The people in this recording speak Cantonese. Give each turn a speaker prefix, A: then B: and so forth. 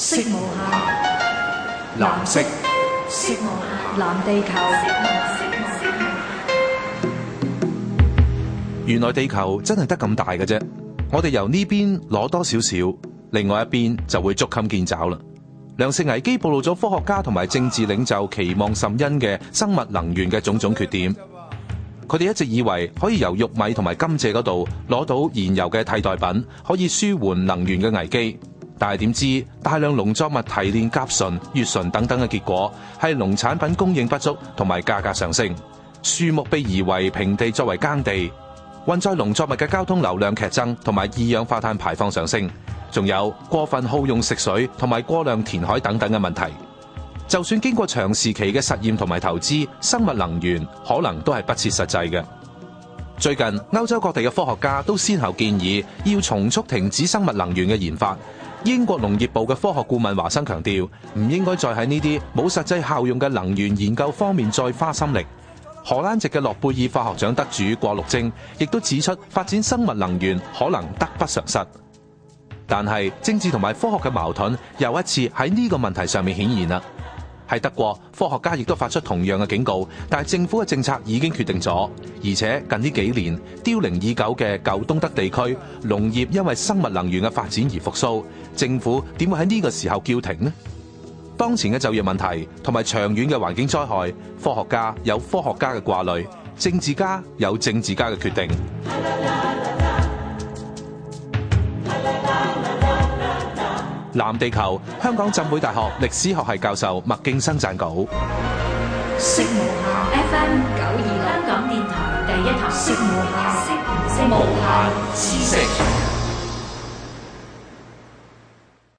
A: 色無限，藍色，色無限，藍地球，藍地球，藍地球。原來地球真係得咁大嘅啫，我哋由呢邊攞多少少，另外一邊就會捉襟見肘啦。糧食危機暴露咗科學家同埋政治領袖期望甚殷嘅生物能源嘅種種缺點。佢、啊、哋一直以為可以由玉米同埋甘蔗嗰度攞到燃油嘅替代品，可以舒緩能源嘅危機。但係點知大量農作物提煉甲醇、乙醇等等嘅結果係農產品供應不足同埋價格上升，樹木被移為平地作為耕地，運載農作物嘅交通流量劇增同埋二氧化碳排放上升，仲有過分耗用食水同埋過量填海等等嘅問題。就算經過長時期嘅實驗同埋投資，生物能源可能都係不切實際嘅。最近歐洲各地嘅科學家都先後建議要重速停止生物能源嘅研發。英國農業部嘅科學顧問華生強調，唔應該再喺呢啲冇實際效用嘅能源研究方面再花心力。荷蘭籍嘅諾貝爾化學獎得主過綠證，亦都指出發展生物能源可能得不償失。但係政治同埋科學嘅矛盾又一次喺呢個問題上面顯現啦。喺德國科學家亦都發出同樣嘅警告，但係政府嘅政策已經決定咗，而且近呢幾年凋零已久嘅舊東德地區農業因為生物能源嘅發展而復蘇，政府點會喺呢個時候叫停呢？當前嘅就業問題同埋長遠嘅環境災害，科學家有科學家嘅掛慮，政治家有政治家嘅決定。藍地球，香港浸會大學歷史學系教授麥勁生撰稿。